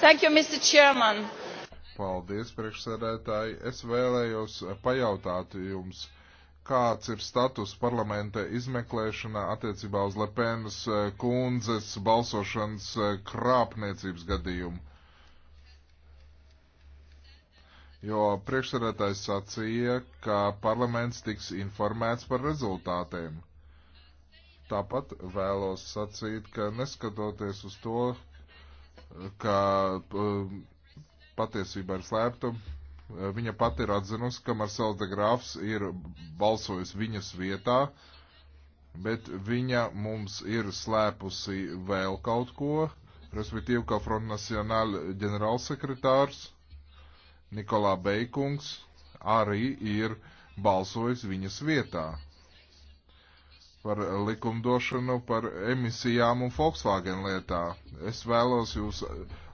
Thank you, Mr. Chairman. Paldies, priekšsēdētāji. Es vēlējos pajautāt jums, kāds ir status parlamenta izmeklēšanā attiecībā uz Lepenas eh, kundzes balsošanas eh, krāpniecības gadījumu. Jo priekšsēdētājs sacīja, ka parlaments tiks informēts par rezultātiem. Tāpat vēlos sacīt, ka neskatoties uz to, ka patiesībā ir slēpta. Viņa pati ir atzinusi, ka Marcels de Grāfs ir balsojis viņas vietā, bet viņa mums ir slēpusi vēl kaut ko, respektīvi, ka Front National ģenerālsekretārs Nikolā Beikungs arī ir balsojis viņas vietā par likumdošanu par emisijām un Volkswagen lietā. Es vēlos jūs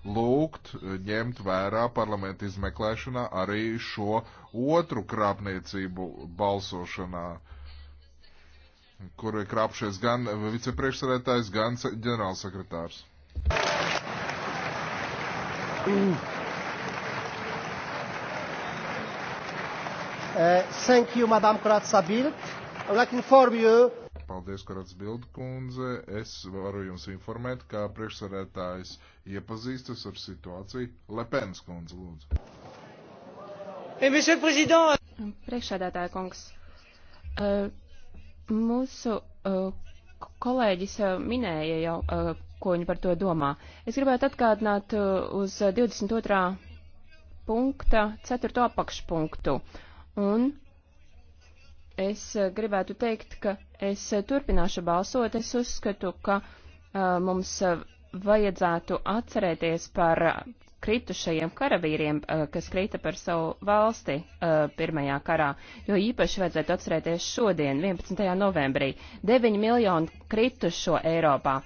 lūgt ņemt vērā parlamenta izmeklēšanā arī šo otru krāpniecību balsošanā, kur ir krāpšies gan vicepriekšsarētājs, gan ģenerālsekretārs. Mm. Uh, thank you, Madam Kratsa-Bilt. I would like to inform you Paldies, Korats Bildu kundze. Es varu jums informēt, kā priekšsarētājs iepazīstas ar situāciju. Lepens kundze, lūdzu. Eh, Priekšsēdētāja kungs, eh, mūsu eh, kolēģis minēja jau, ko viņi par to domā. Es gribētu atgādināt uz 22. punkta 4. apakšpunktu. Un Es eh, gribētu teikt, ka es eh, turpināšu balsot. Es uzskatu, ka uh, mums vajadzētu atcerēties par kritušajiem karavīriem, kas krita par savu valsti uh, pirmajā karā, jo īpaši vajadzētu atcerēties šodien, 11. novembrī, 9 miljonu kritušo Eiropā.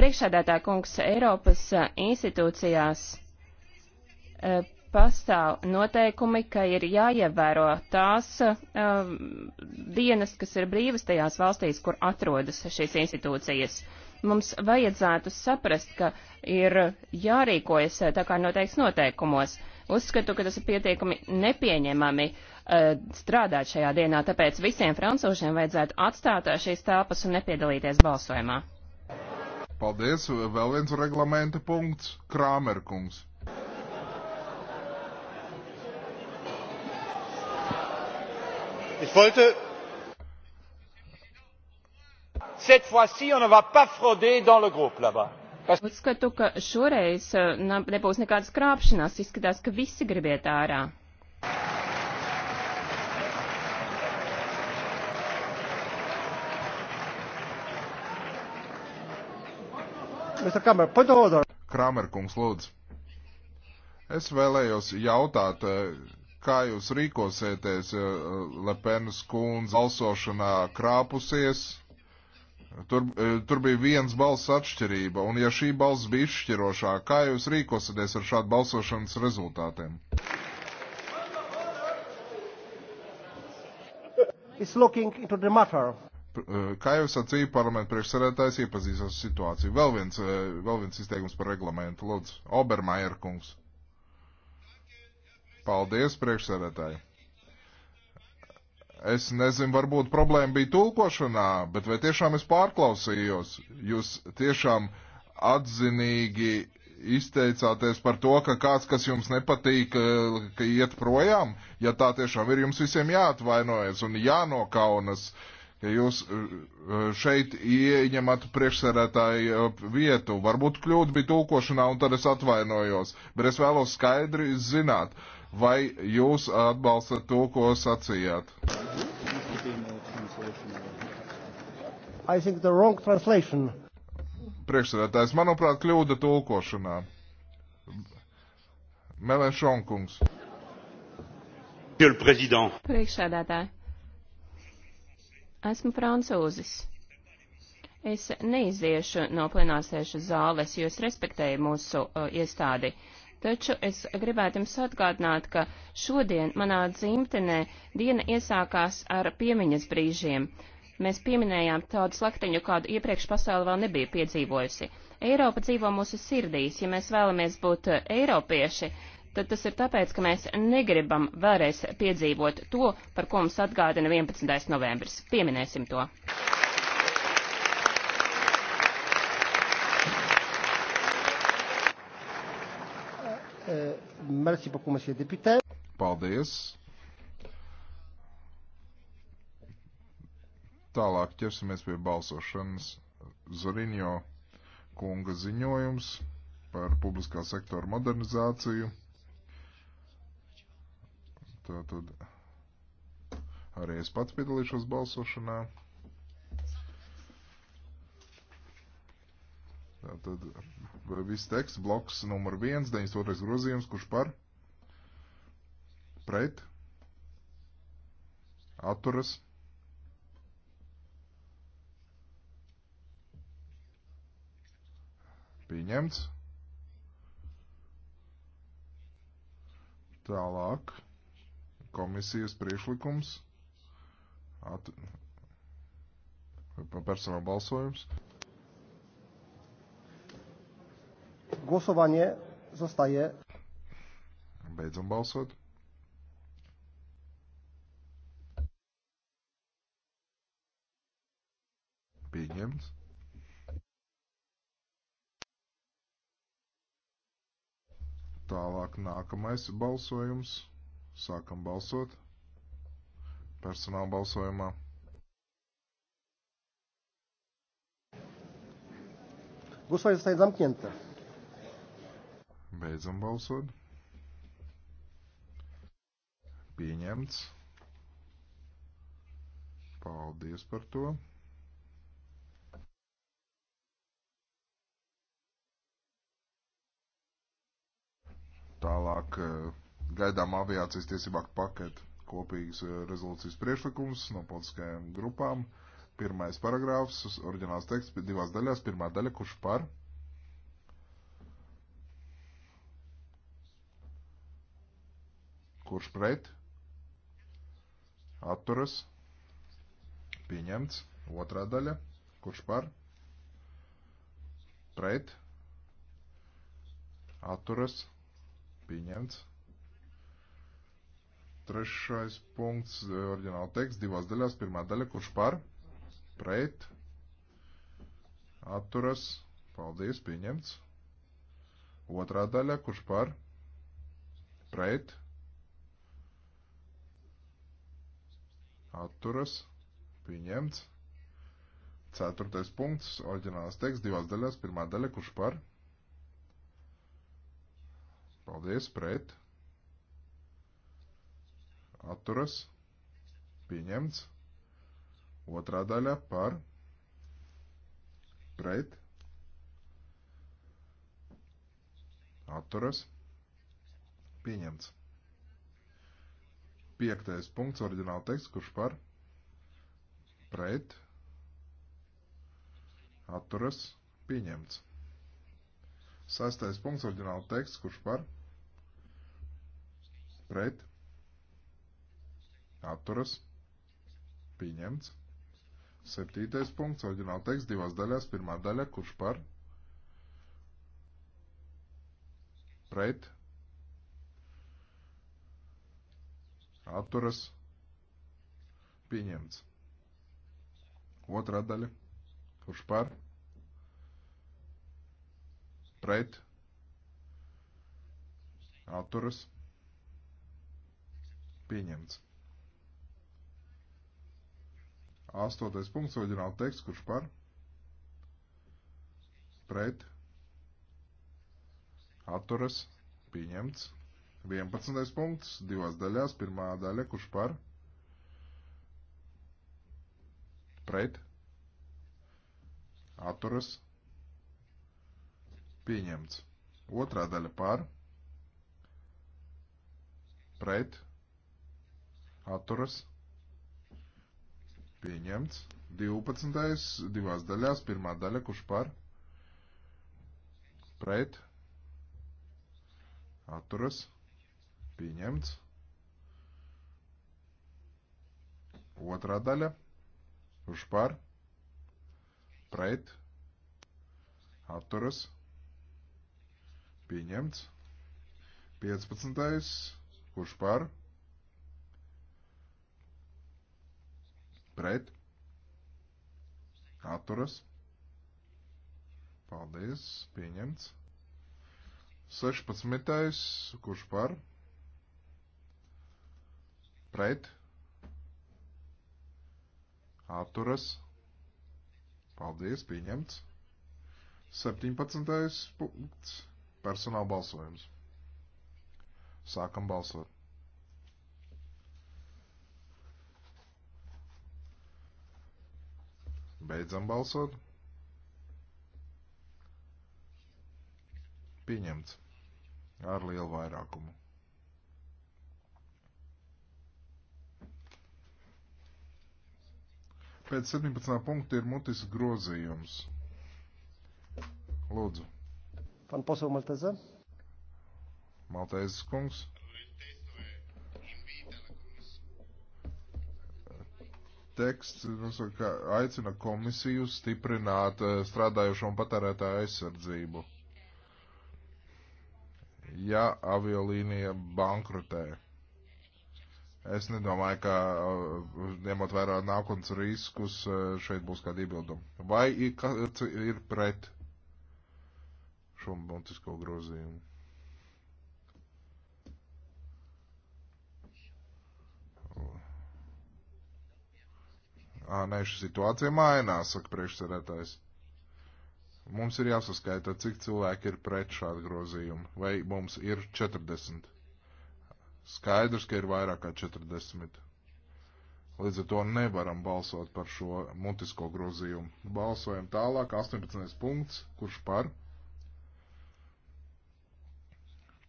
Priekšsēdētāja kungs Eiropas institūcijās uh, pastāv noteikumi, ka ir jāievēro tās uh, dienas, kas ir brīvas tajās valstīs, kur atrodas šīs institūcijas. Mums vajadzētu saprast, ka ir jārīkojas eh, tā kā noteikts noteikumos. Uzskatu, ka tas ir pietiekami nepieņemami uh, strādāt šajā dienā, tāpēc visiem francūžiem vajadzētu atstāt eh, šīs tāpas un nepiedalīties balsojumā. Paldies, vēl viens reglamenta punkts, Krāmerkungs. Ich wollte cette fois ci on ne va pas frauder dans le groupe là bas. Uzskatu, ka šoreiz eh, nebūs nekādas krāpšanās. Izskatās, ka visi gribiet ārā. Kramer, kungs, lūdzu. Es vēlējos jautāt, eh, kā jūs rīkosieties, ja eh, Lepenas kundze balsošanā krāpusies. Tur, eh, tur bija viens balss atšķirība, un ja šī balss bija izšķirošā, kā jūs rīkosieties ar šādu balsošanas rezultātiem? Eh, kā jau sacīja parlamenta priekšsarētājs, iepazīstos situāciju. Vēl viens, vēl viens izteikums par reglamentu. Lūdzu, Obermajer kungs. Paldies, priekšsēdētāji. Es nezinu, varbūt problēma bija tulkošanā, bet vai tiešām es pārklausījos? Jūs tiešām atzinīgi izteicāties par to, ka kāds, kas jums nepatīk, ka iet projām, ja tā tiešām ir, jums visiem jāatvainojas un jānokaunas, ka jūs eh, šeit ieņemat priekšsēdētāju eh, vietu. Varbūt kļūda bija tulkošanā un tad es atvainojos, bet es vēlos skaidri zināt. Uh, Vai jūs atbalstat to, ko sacījāt? Priekšsēdētājs, manuprāt, kļūda tulkošanā. Melēšonkungs. Priekšsēdētāji, esmu francūzis. Es neiziešu no plenārsēšu zāles, jo es respektēju mūsu uh, iestādi. Uh, Taču es gribētu jums atgādināt, ka šodien manā dzimtenē diena iesākās ar piemiņas brīžiem. Mēs pieminējām tādu slakteņu, kādu iepriekš pasauli vēl nebija piedzīvojusi. Eiropa dzīvo mūsu sirdīs. Ja mēs vēlamies būt eiropieši, tad tas ir tāpēc, ka mēs negribam vēlreiz piedzīvot to, par ko mums atgādina 11. novembris. Pieminēsim to. Euh, merci beaucoup, monsieur deputē. Paldies. Tālāk ķersimies pie balsošanas. Zoriņo kunga ziņojums par publiskā sektora modernizāciju. Tātad arī es pats piedalīšos balsošanā. Tātad viss teksts bloks numur 1, 92. grozījums, kurš par pret atturas. Pieņemts. Tālāk komisijas priekšlikums. At... Par personālu balsojums. Głosowanie zostaje. Beidzam balsot. Pieņemts. Tālāk nākamais balsojums. Sākam balsot. Personāla balsojumā. Głosowanie zostaje zamknięte. Beidzam balsot. Pieņemts. Paldies par to. Tālāk eh, gaidām aviācijas tiesībāk paketu kopīgas eh, rezolūcijas priešlikums no politiskajām grupām. Pirmais paragrāfs, oriģināls teksts, divās daļās. Pirmā daļa, kurš par? Kurš pret? Atturas. Pieņemts. Otrā daļa. Kurš par? Pret. Atturas. Pieņemts. Trešais punkts, eh, oriģināla teksts, divās daļās. Pirmā daļa, kurš par? Pret. Atturas. Paldies, pieņemts. Otrā daļa, kurš par? Pret atturas, pieņemts. Ceturtais punkts, oriģināls teksts divās daļās, pirmā daļa, kurš par? Paldies, pret. Atturas, pieņemts. Otrā daļa par, pret, atturas, pieņemts piektais punkts, oriģināla teksts, kurš par pret atturas pieņemts. Sastais punkts, oriģināla teksts, kurš par pret atturas pieņemts. Septītais punkts, oriģināla teksts, divās daļās, pirmā daļa, kurš par pret atturas pieņemts atturas pieņemts. Otrā daļa, kurš par, pret, atturas pieņemts. Astotais punkts, oriģināla teksts, kurš par, pret, atturas pieņemts. 11. punkts, divās daļās, pirmā daļa, kurš par, pret, atturas, pieņemts. Otrā daļa par, pret, atturas, pieņemts. 12. divās daļās, pirmā daļa, kurš par, pret, atturas, pieņemts. Pieņemts. Otrā daļa. Kurš par? Pret. Atturas. Pieņemts. 15. Kurš par? Pret. Atturas. Paldies. Pieņemts. 16. Kurš par? pret, atturas, paldies, pieņemts. 17. punkts, personāla balsojums. Sākam balsot. Beidzam balsot. Pieņemts ar lielu vairākumu. Pēc 17. punkta ir mutis grozījums. Lūdzu. Pan posel Malteze. Maltezes kungs. teksts nosaka, nu, aicina komisiju stiprināt eh, strādājošo un patērētāju aizsardzību, ja aviolīnija bankrotē. Es nedomāju, ka uh, ņemot vērā nākotnes riskus, uh, šeit būs kāda iebilduma. Vai ir, kāds ir pret šo montisko grozījumu? Ā, nē, šī situācija mainās, saka priekšsēdētājs. Mums ir jāsaskaita, cik cilvēki ir pret šādu grozījumu, vai mums ir 40. Skaidrs, ka ir vairāk kā 40. Līdz ar to nevaram balsot par šo mutisko grozījumu. Balsojam tālāk, 18. punkts, kurš par?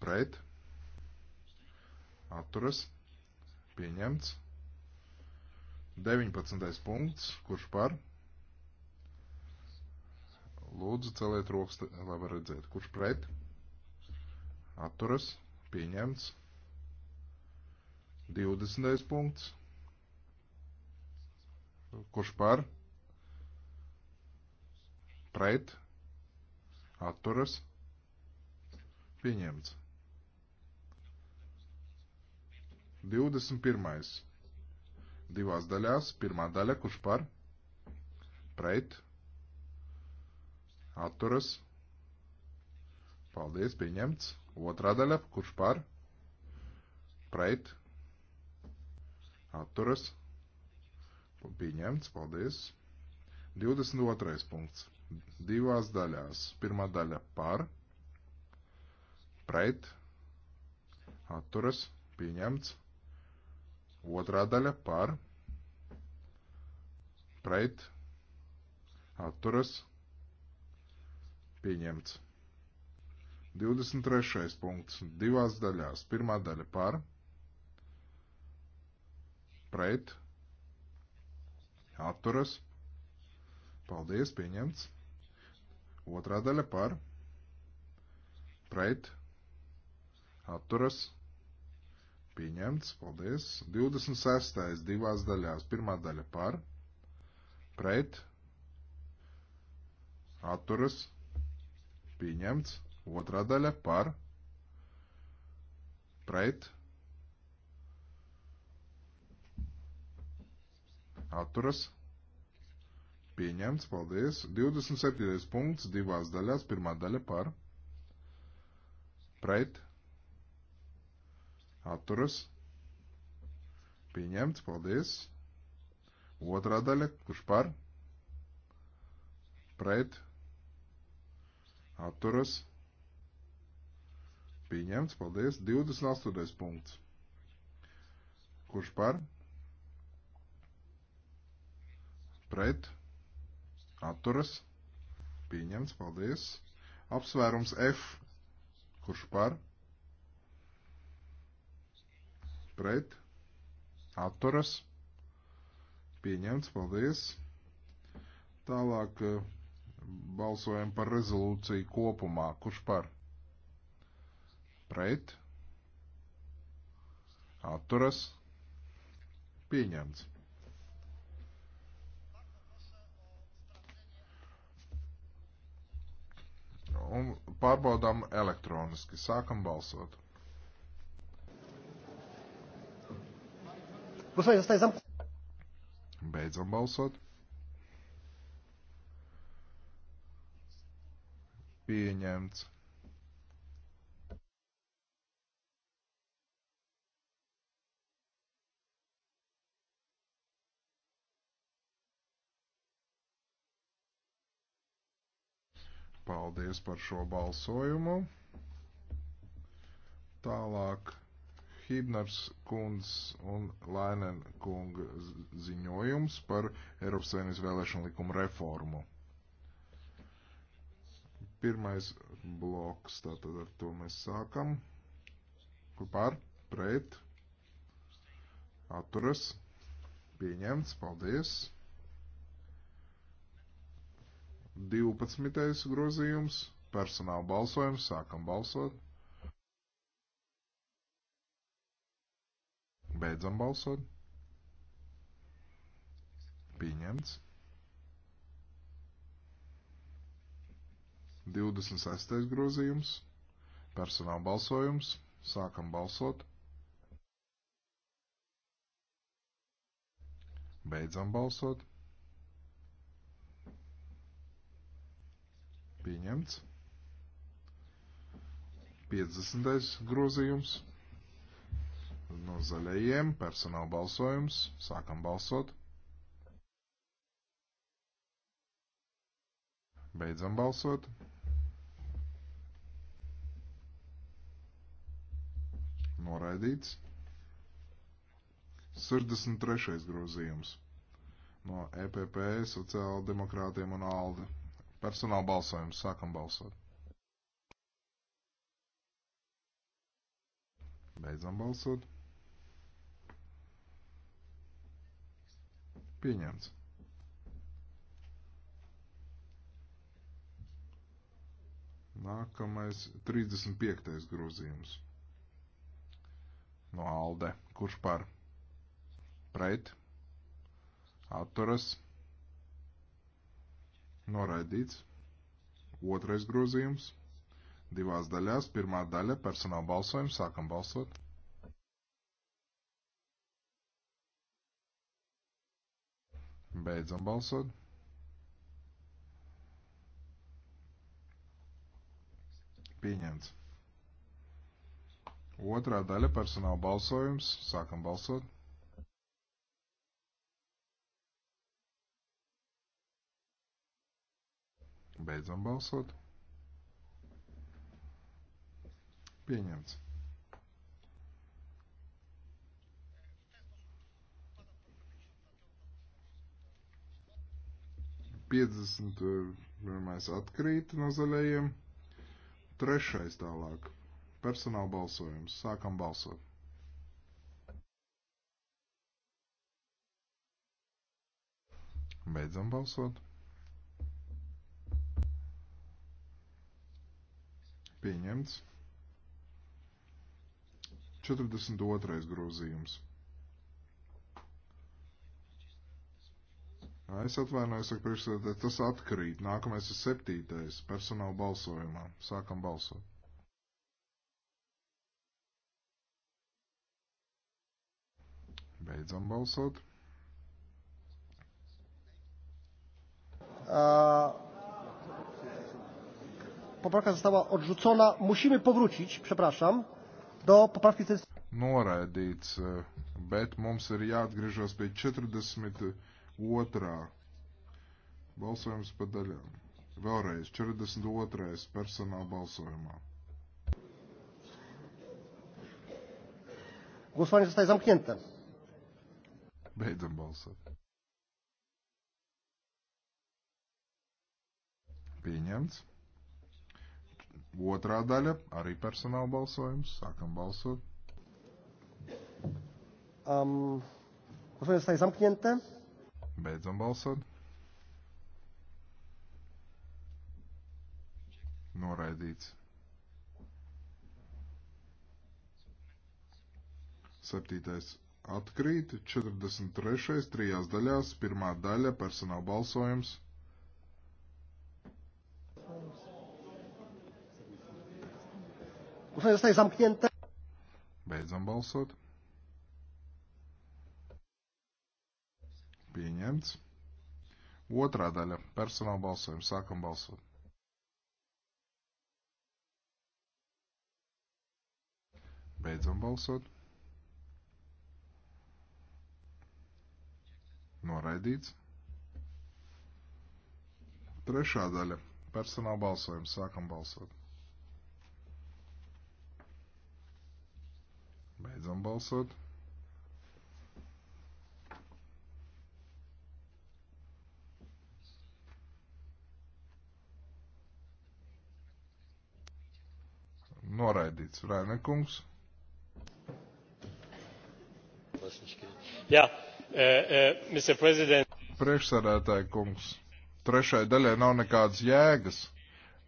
Pret? Atturas? Pieņemts? 19. punkts, kurš par? Lūdzu, celiet rokas, lai var redzēt, kurš pret? Atturas? Pieņemts? 20. punkts. Kurš par? Pret? Atturas? Pieņemts. 21. Divās daļās. Pirmā daļa, kurš par? Pret? Atturas? Paldies, pieņemts. Otrā daļa, kurš par? Pret? atturas, pieņemts, paldies. 22. punkts, divās daļās, pirmā daļa par, pret, atturas, pieņemts, otrā daļa par, pret, atturas, pieņemts. 23. punkts, divās daļās, pirmā daļa par, pret, pret, atturas, paldies, pieņemts. Otrā daļa par, pret, atturas, pieņemts, paldies. 26. divās daļās, pirmā daļa par, pret, atturas, pieņemts, otrā daļa par, pret, atturas atturas, pieņemts, paldies. 27. punkts divās daļās, pirmā daļa par, pret, atturas, pieņemts, paldies. Otrā daļa, kurš par, pret, atturas, pieņemts, paldies. 28. punkts, kurš par, pret, pret, atturas, pieņemts, paldies. Apsvērums F, kurš par, pret, atturas, pieņemts, paldies. Tālāk eh, balsojam par rezolūciju kopumā, kurš par, pret, atturas, pieņemts. un pārbaudām elektroniski. Sākam balsot. Beidzam balsot. Pieņemts. Paldies par šo balsojumu. Tālāk Hibners kundz un Lainen kunga ziņojums par Eiropas Savienības vēlēšanu likumu reformu. Pirmais bloks, tātad ar to mēs sākam. Par, pret, atturas, pieņemts, paldies. 12. grozījums, personāla balsojums, sākam balsot. Beidzam balsot. Pieņemts. 26. grozījums, personāla balsojums, sākam balsot. Beidzam balsot. Pieņemts. 50. grozījums no zaļajiem, personāla balsojums, sākam balsot. Beidzam balsot. Noraidīts. 63. grozījums no EPP, sociāla demokrātiem un ALDE. Personāla balsojums. Sākam balsot. Beidzam balsot. Pieņemts. Nākamais 35. grozījums. No Alde. Kurš par? Pret. Atturas. Noraidīts. Otrais grozījums. Divās daļās. Pirmā daļa - personāla balsojums. Sākam balsot. Beidzam balsot. Pieņemts. Otrā daļa - personāla balsojums. Sākam balsot. Beidzam balsot. Pieņemts. Piecdesmit pirmais atkrīt no zaļajiem. Trešais tālāk. Personāla balsojums. Sākam balsot. Beidzam balsot. Pieņemts. 42. grozījums. Es atvainojos, ka priekšsēdētāji tas atkrīt. Nākamais ir septītais personāla balsojumā. Sākam balsot. Beidzam balsot. Uh, poprawka została odrzucona. Musimy powrócić, przepraszam, do poprawki 40. Noraidīts, bet mums ir jāatgriežas pie 42. Balsojums pa daļām. Vēlreiz 42. personāla balsojumā. Głosowanie zostaje zamknięte. Beidzam balsot. Pieņemts. Otrā daļa arī personāla balsojums. Sākam balsot. Um, Głosowanie zostaje zamknięte. Beidzam balsot. Noraidīts. Septītais atkrīt, 43. trijās daļās, pirmā daļa personāla balsojums. Głosowanie zostaje zamknięte. Beidzam balsot. Pieņemts. Otrā daļa - personāla balsojums. Sākam balsot. Beidzam balsot. Noraidīts. Trešā daļa - personāla balsojums. Sākam balsot. Beidzam balsot. Noraidīts Rēnekungs. Jā, e, e, Mr. President. Priekšsēdētāja kungs, trešai daļai nav nekādas jēgas.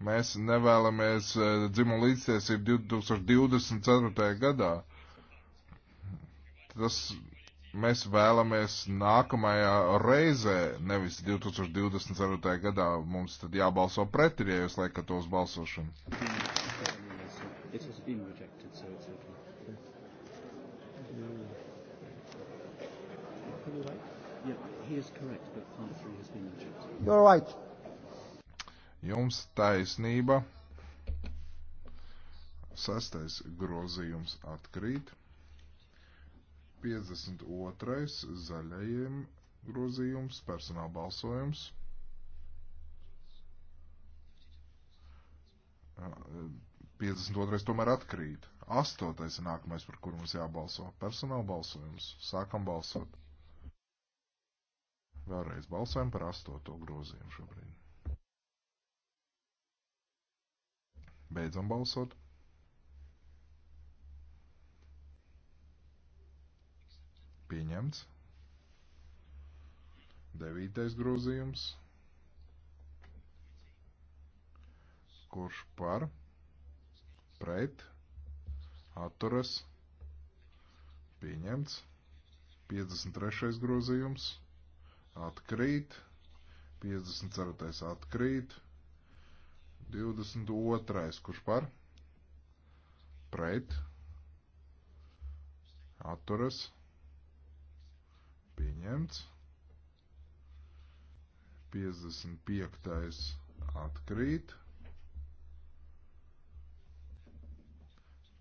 Mēs nevēlamies e, dzimumu līdztiesību 2024. gadā. Tas mēs vēlamies nākamajā reizē, nevis 2024. gadā, mums tad jābalso pret, ja jūs laikat tos balsošanu. Right. Jums taisnība. Sastais grozījums atkrīt. 52. zaļajiem grozījums, personāla balsojums. Uh, 52. tomēr atkrīt. 8. ir nākamais, par kuru mums jābalso. Personāla balsojums. Sākam balsot. Vēlreiz balsojam par 8. grozījumu šobrīd. Beidzam balsot. Pieņemts. Devītais grozījums. Kurš par? Pret. Atturas. Pieņemts. 53. grozījums. Atkrīt. 54. atkrīt. 22. kurš par? Pret. Atturas pieņemts. 55. atkrīt.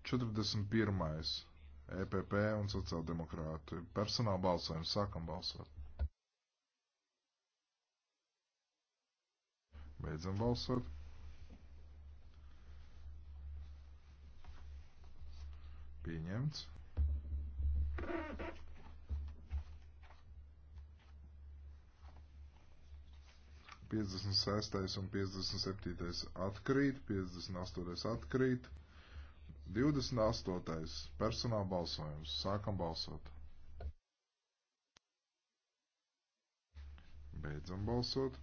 41. EPP un sociāldemokrāti. Personāla balsojums. Sākam balsot. Beidzam balsot. Pieņemts. 56. un 57. atkrīt, 58. atkrīt, 28. personāla balsojums. Sākam balsot. Beidzam balsot.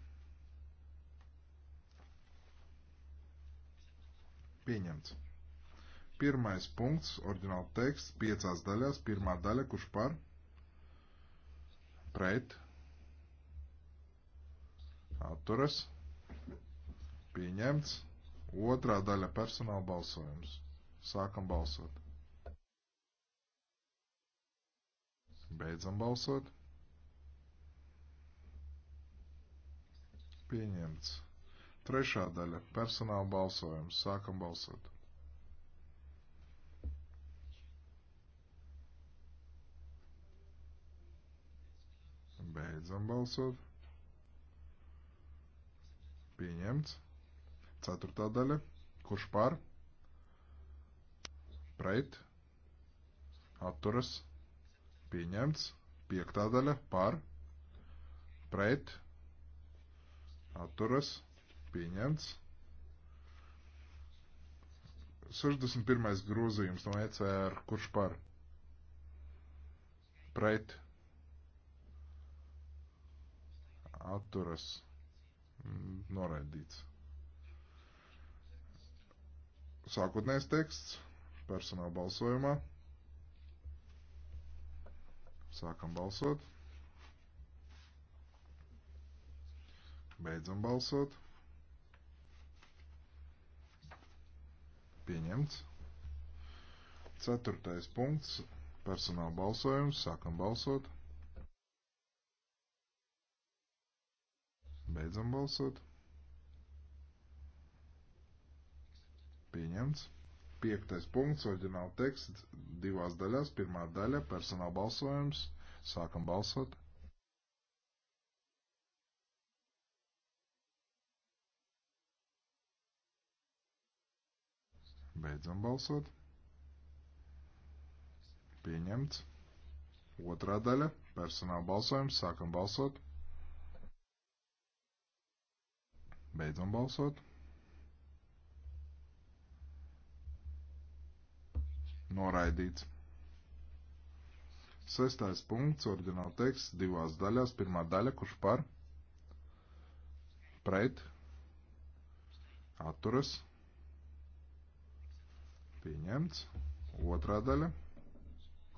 Pieņemts. Pirmais punkts, oriģināla teksts, piecās daļās. Pirmā daļa, kurš par? Pret atturas, pieņemts, otrā daļa personāla balsojums. Sākam balsot. Beidzam balsot. Pieņemts. Trešā daļa - personāla balsojums. Sākam balsot. Beidzam balsot. Pieņemts. Ceturtā daļa. Kurš par? Pret. Atturas. Pieņemts. Piektā daļa. Par. Pret. Atturas. Pieņemts. 61. grozījums no ECR. Kurš par? Pret. Atturas noraidīts. Sākotnējais teksts personāla balsojumā. Sākam balsot. Beidzam balsot. Pieņemts. Ceturtais punkts. Personāla balsojums. Sākam balsot. Beidzam balsot. Pieņemts. Piektais punkts, oriģināla teksts, divās daļās. Pirmā daļa - personāla balsojums. Sākam balsot. Beidzam balsot. Pieņemts. Otrā daļa - personāla balsojums. Sākam balsot. Beidzam balsot. Noraidīts. Sestais punkts, oriģināla teksts, divās daļās. Pirmā daļa, kurš par, pret, atturas, pieņemts. Otrā daļa,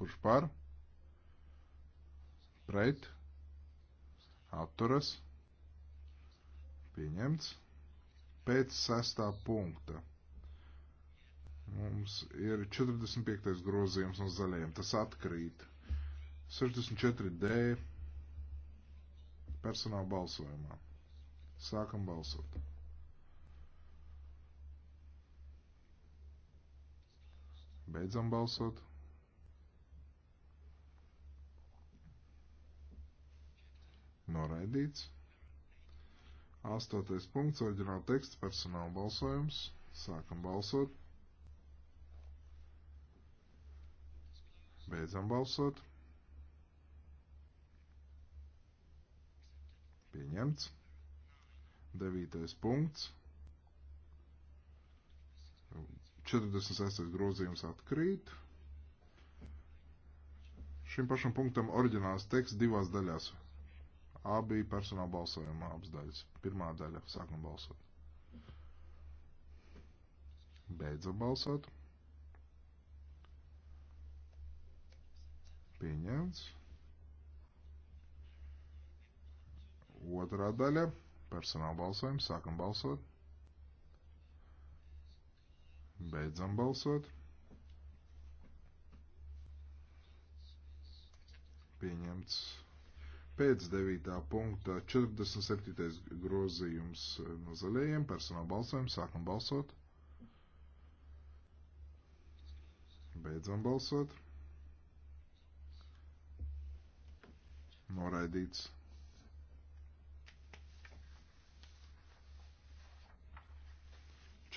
kurš par, pret, atturas, pieņemts pieņemts. Pēc sestā punkta mums ir 45. grozījums no zaļajiem. Tas atkrīt. 64D personāla balsojumā. Sākam balsot. Beidzam balsot. Noraidīts. Astotais punkts, oriģināla teksts, personāla balsojums. Sākam balsot. Beidzam balsot. Pieņemts. Devītais punkts. 46. grozījums atkrīt. Šim pašam punktam oriģināls teksts divās daļās. Abi personāla balsojuma apsdaļas. Pirmā daļa. Sākam balsot. Beidzam balsot. Pieņemts. Otrā daļa. Personāla balsojums. Sākam balsot. Beidzam balsot. Pieņemts pēc 9. punkta 47. grozījums no zaļajiem personāla balsojumu. Sākam balsot. Beidzam balsot. Noraidīts.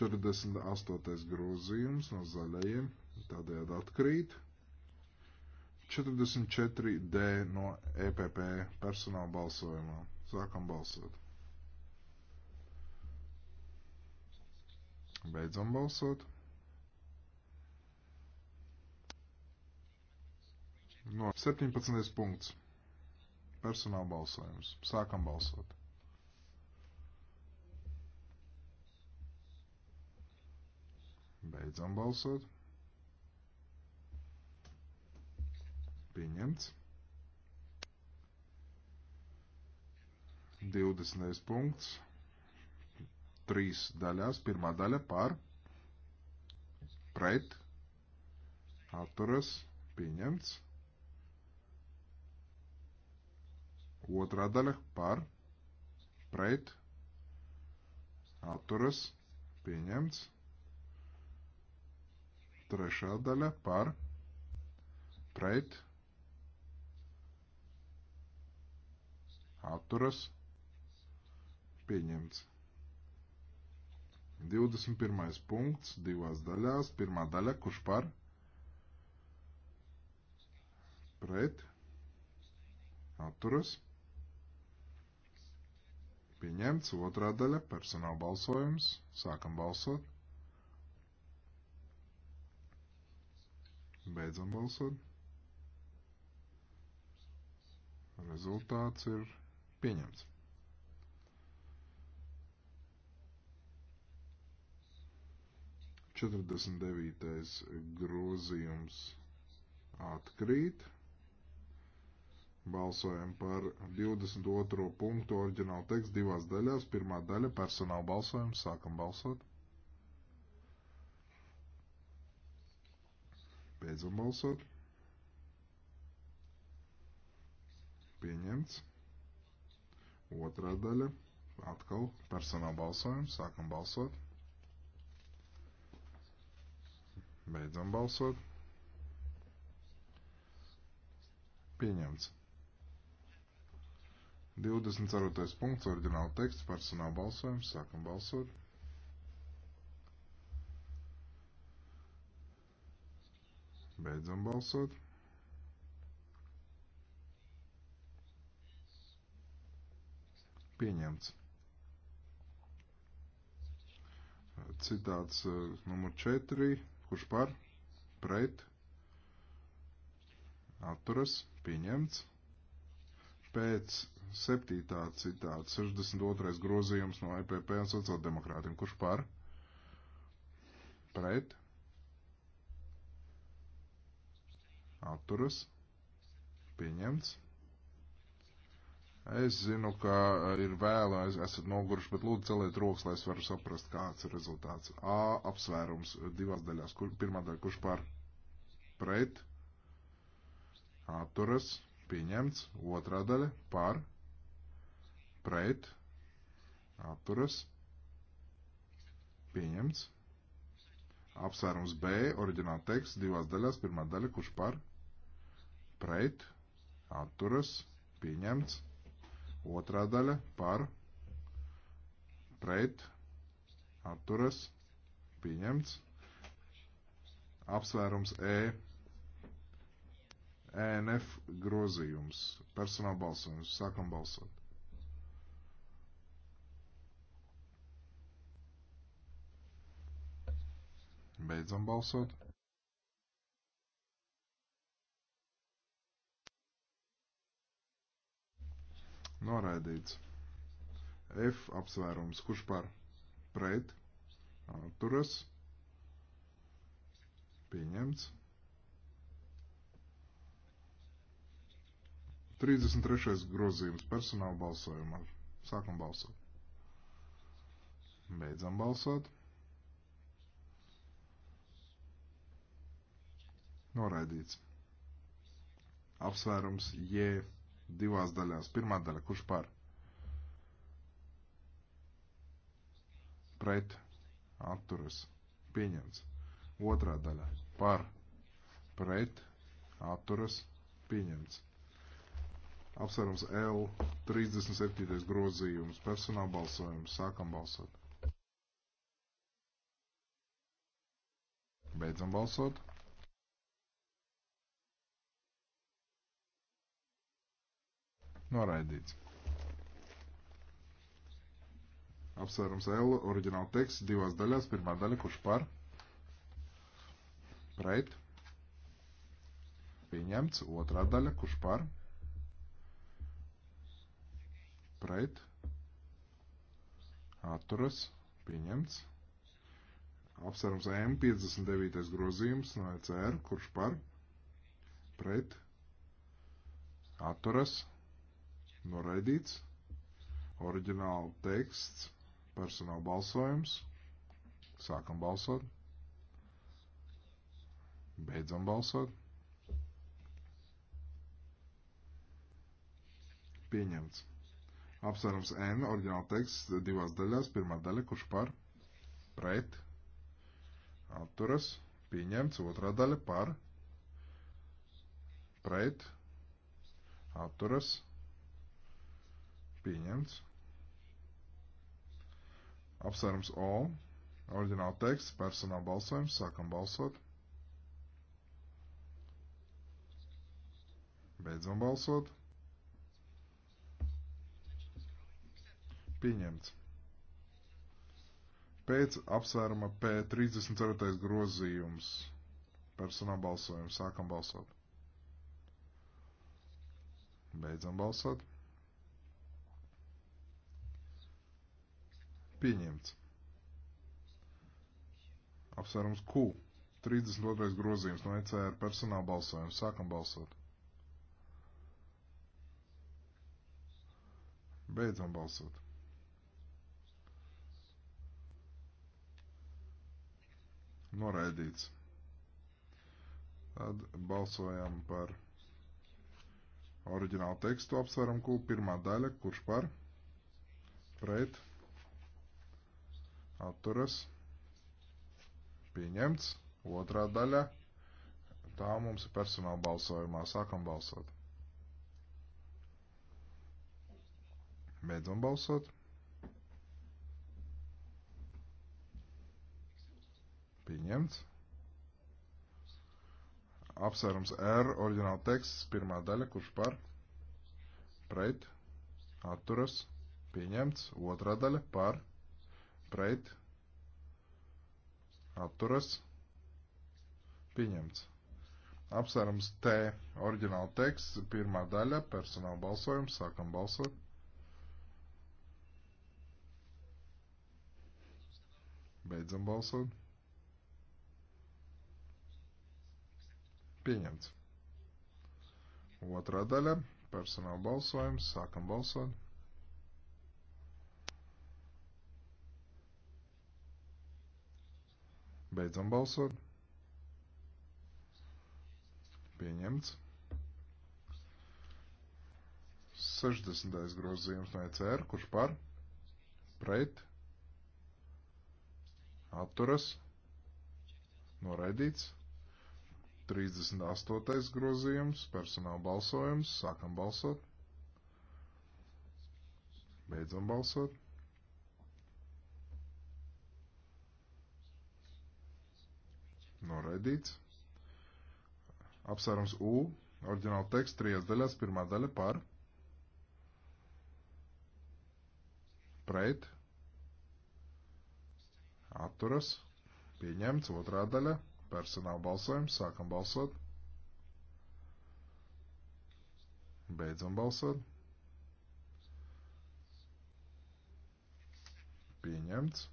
Četrdesmit astotais grozījums no zaļajiem, tādējādi atkrīt. 44D no EPP personāla balsojumā. Sākam balsot. Beidzam balsot. No 17. punkts. Personāla balsojums. Sākam balsot. Beidzam balsot. Pieņemts. 20. punkts. Trīs daļās. Pirmā daļa par. Pret. Atturas. Pieņemts. Otrā daļa par. Pret. Atturas. Pieņemts. Trešā daļa par. Pret. Atturas atturas pieņemts. 21. punkts divās daļās. Pirmā daļa, kurš par pret atturas pieņemts. Otrā daļa personāla balsojums. Sākam balsot. Beidzam balsot. Rezultāts ir Pieņemts. Četrdesmit devītais grozījums atkrīt. Balsojam par 22. punktu oriģinālu tekstu divās daļās. Pirmā daļa - personāla balsojums. Sākam balsot. Beidzam balsot. Pieņemts. Otrā daļa. Atkal personāla balsojums. Sākam balsot. Beidzam balsot. Pieņemts. 24. punkts, oriģināla teksts, personāla balsojums, sākam balsot. Beidzam balsot. pieņemts. Citāts eh, numur 4, kurš par, pret, atturas, pieņemts. Pēc 7. citāts 62. grozījums no EPP un sociāldemokrātiem, kurš par, pret, atturas, pieņemts. Es zinu, ka ir vēlu, es esat noguruši, bet lūdzu celiet rokas, lai es varu saprast, kāds ir rezultāts. A apsvērums divās daļās. Kur, pirmā daļa, kurš par pret, atturas, pieņemts. Otrā daļa par pret, atturas, pieņemts. Apsvērums B, oriģināla teksts, divās daļās. Pirmā daļa, kurš par pret, atturas, pieņemts Otrā daļa par, pret, atturas, pieņemts. Apsvērums E. ENF grozījums. Personāla balsojums. Sākam balsot. Beidzam balsot. Noraidīts. F apsvērums. Kurš par? Pret. Atturas. Pieņemts. 33. grozījums personāla balsojumā. Sākam balsot. Beidzam balsot. Noraidīts. Apsvērums J. Yeah divās daļās. Pirmā daļa, kurš par? Pret, atturas, pieņemts. Otrā daļa, par, pret, atturas, pieņemts. Apsvērums L, 37. grozījums, personāla balsojums, sākam balsot. Beidzam balsot. Noraidīts. Apsvērums L, oriģināla teksts, divās daļās. Pirmā daļa, kurš par? Pret. Pieņemts. Otrā daļa, kurš par? Pret. Atturas. Pieņemts. Apsvērums M, 59. grozījums no ECR, kurš par? Pret. Atturas. Pieņemts noraidīts. Oriģināla teksts, personāla balsojums. Sākam balsot. Beidzam balsot. Pieņemts. Apsvērums N, oriģināla teksts divās daļās. Pirmā daļa, kurš par, pret, atturas, pieņemts. Otrā daļa par, pret, atturas, pieņemts Pieņemts. Apsvērums O. Oriģināla teksts, personāla balsojums, sākam balsot. Beidzam balsot. Pieņemts. Pēc apsvēruma P34 grozījums. Personāla balsojums, sākam balsot. Beidzam balsot. Pieņemts. Apsvērums Q. 32. grozījums no ECR personāla balsojuma. Sākam balsot. Beidzam balsot. Noraidīts. Tad balsojam par oriģinālu tekstu apsvaram Q. Pirmā daļa, kurš par? Pret atturas pieņemts. Otrā daļa. Tā mums ir personāla balsojumā. Sākam balsot. Beidzam balsot. Pieņemts. Apsvērums R, oriģināla teksts, pirmā daļa, kurš par, pret, atturas, pieņemts, otrā daļa, par, pret, atturas, pieņemts. Apsvērums T, oriģināla teksts, pirmā daļa, personāla balsojums, sākam balsot. Beidzam balsot. Pieņemts. Otrā daļa, personāla balsojums, sākam balsot. Beidzam balsot. Pieņemts. 60. grozījums no ECR, kurš par, pret, atturas, noraidīts. 38. grozījums, personāla balsojums, sākam balsot. Beidzam balsot. noraidīts. Apsvērums U, oriģināla teksts trijās daļās, pirmā daļa par, pret, atturas, pieņemts, otrā daļa, personāla balsojums, sākam balsot, beidzam balsot, pieņemts,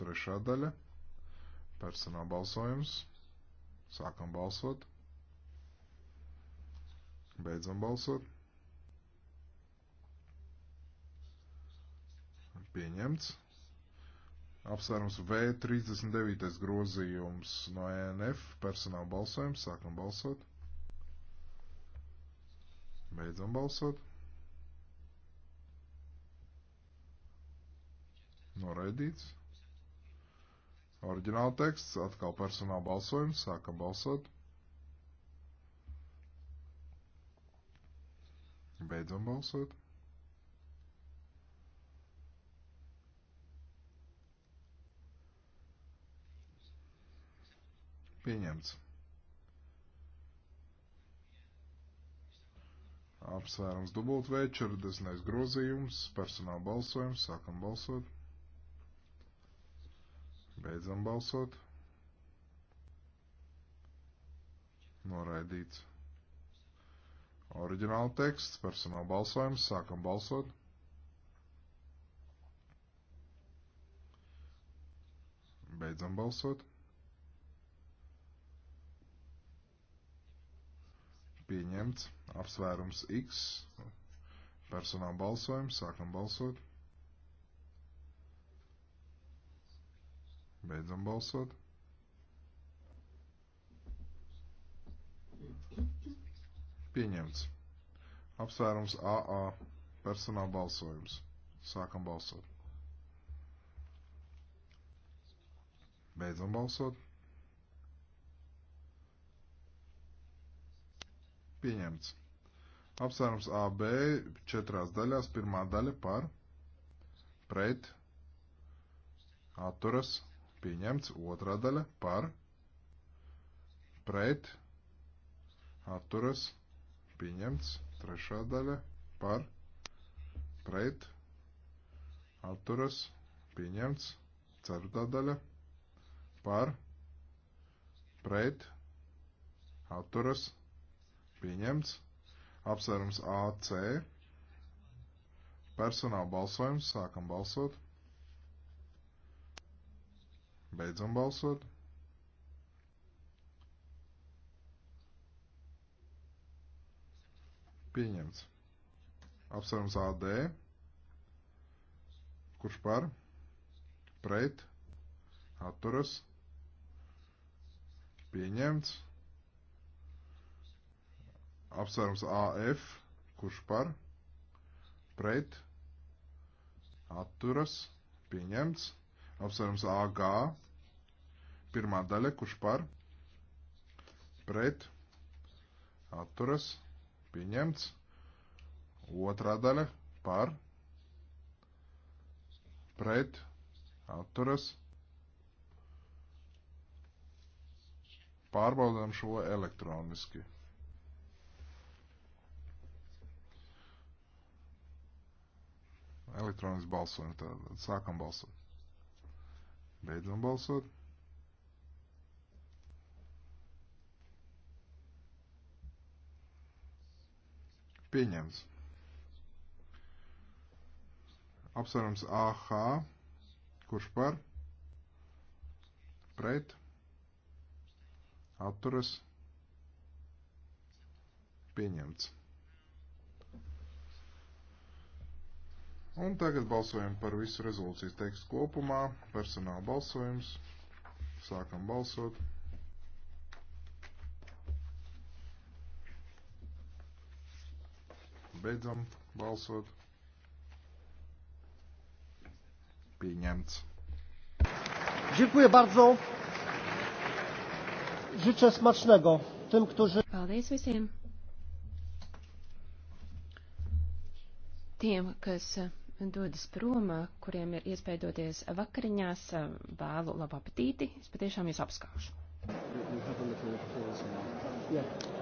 trešā daļa, personāla balsojums, Sākam balsot. Beidzam balsot. Pieņemts. Apsvērums V39 grozījums no ENF personāla balsojums. Sākam balsot. Beidzam balsot. Noraidīts. Oriģināla teksts, atkal personāla balsojums, sākam balsot. Beidzam balsot. Pieņemts. Apsvērums dubultvečer, desmitais grozījums, personāla balsojums, sākam balsot. Beidzam balsot. Noraidīts. Oriģināla teksts, personāla balsojums, sākam balsot. Beidzam balsot. Pieņemts apsvērums X, personāla balsojums, sākam balsot. Beidzam balsot. Pieņemts. Apsvērums AA. Personāla balsojums. Sākam balsot. Beidzam balsot. Pieņemts. Apsvērums AB četrās daļās. Pirmā daļa par, pret, atturas, pieņemts. Otrā daļa par, pret, atturas, pieņemts. Trešā daļa par, pret, atturas, pieņemts. Ceturtā daļa par, pret, atturas, pieņemts. Apsvērums AC. Personāla balsojums. Sākam balsot. Beidzam balsot. Pieņemts. Apsvērums AD. Kurš par? Pret. Atturas. Pieņemts. Apsvērums AF. Kurš par? Pret. Atturas. Pieņemts. Apsvērums AG. Pirmā daļa, kurš par, pret, atturas, pieņemts. Otrā daļa, par, pret, atturas. Pārbaudām šo elektroniski. Elektronisks balsojums. Sākam balsot. Beidzam balsot. Pieņemts. Apsvarams AH, kurš par, pret, atturas, pieņemts. Un tagad balsojam par visu rezolūcijas tekstu kopumā. Personāla balsojums. Sākam balsot. Beidzam balsot. Pieņemts. Dziękuję bardzo. Życzę smacznego tym, którzy. Paldies visiem. Tiem, kas dodas prom, kuriem ir iespēja doties vakariņās, vēlu labu apetīti. Es patiešām jūs apskaušu. You, you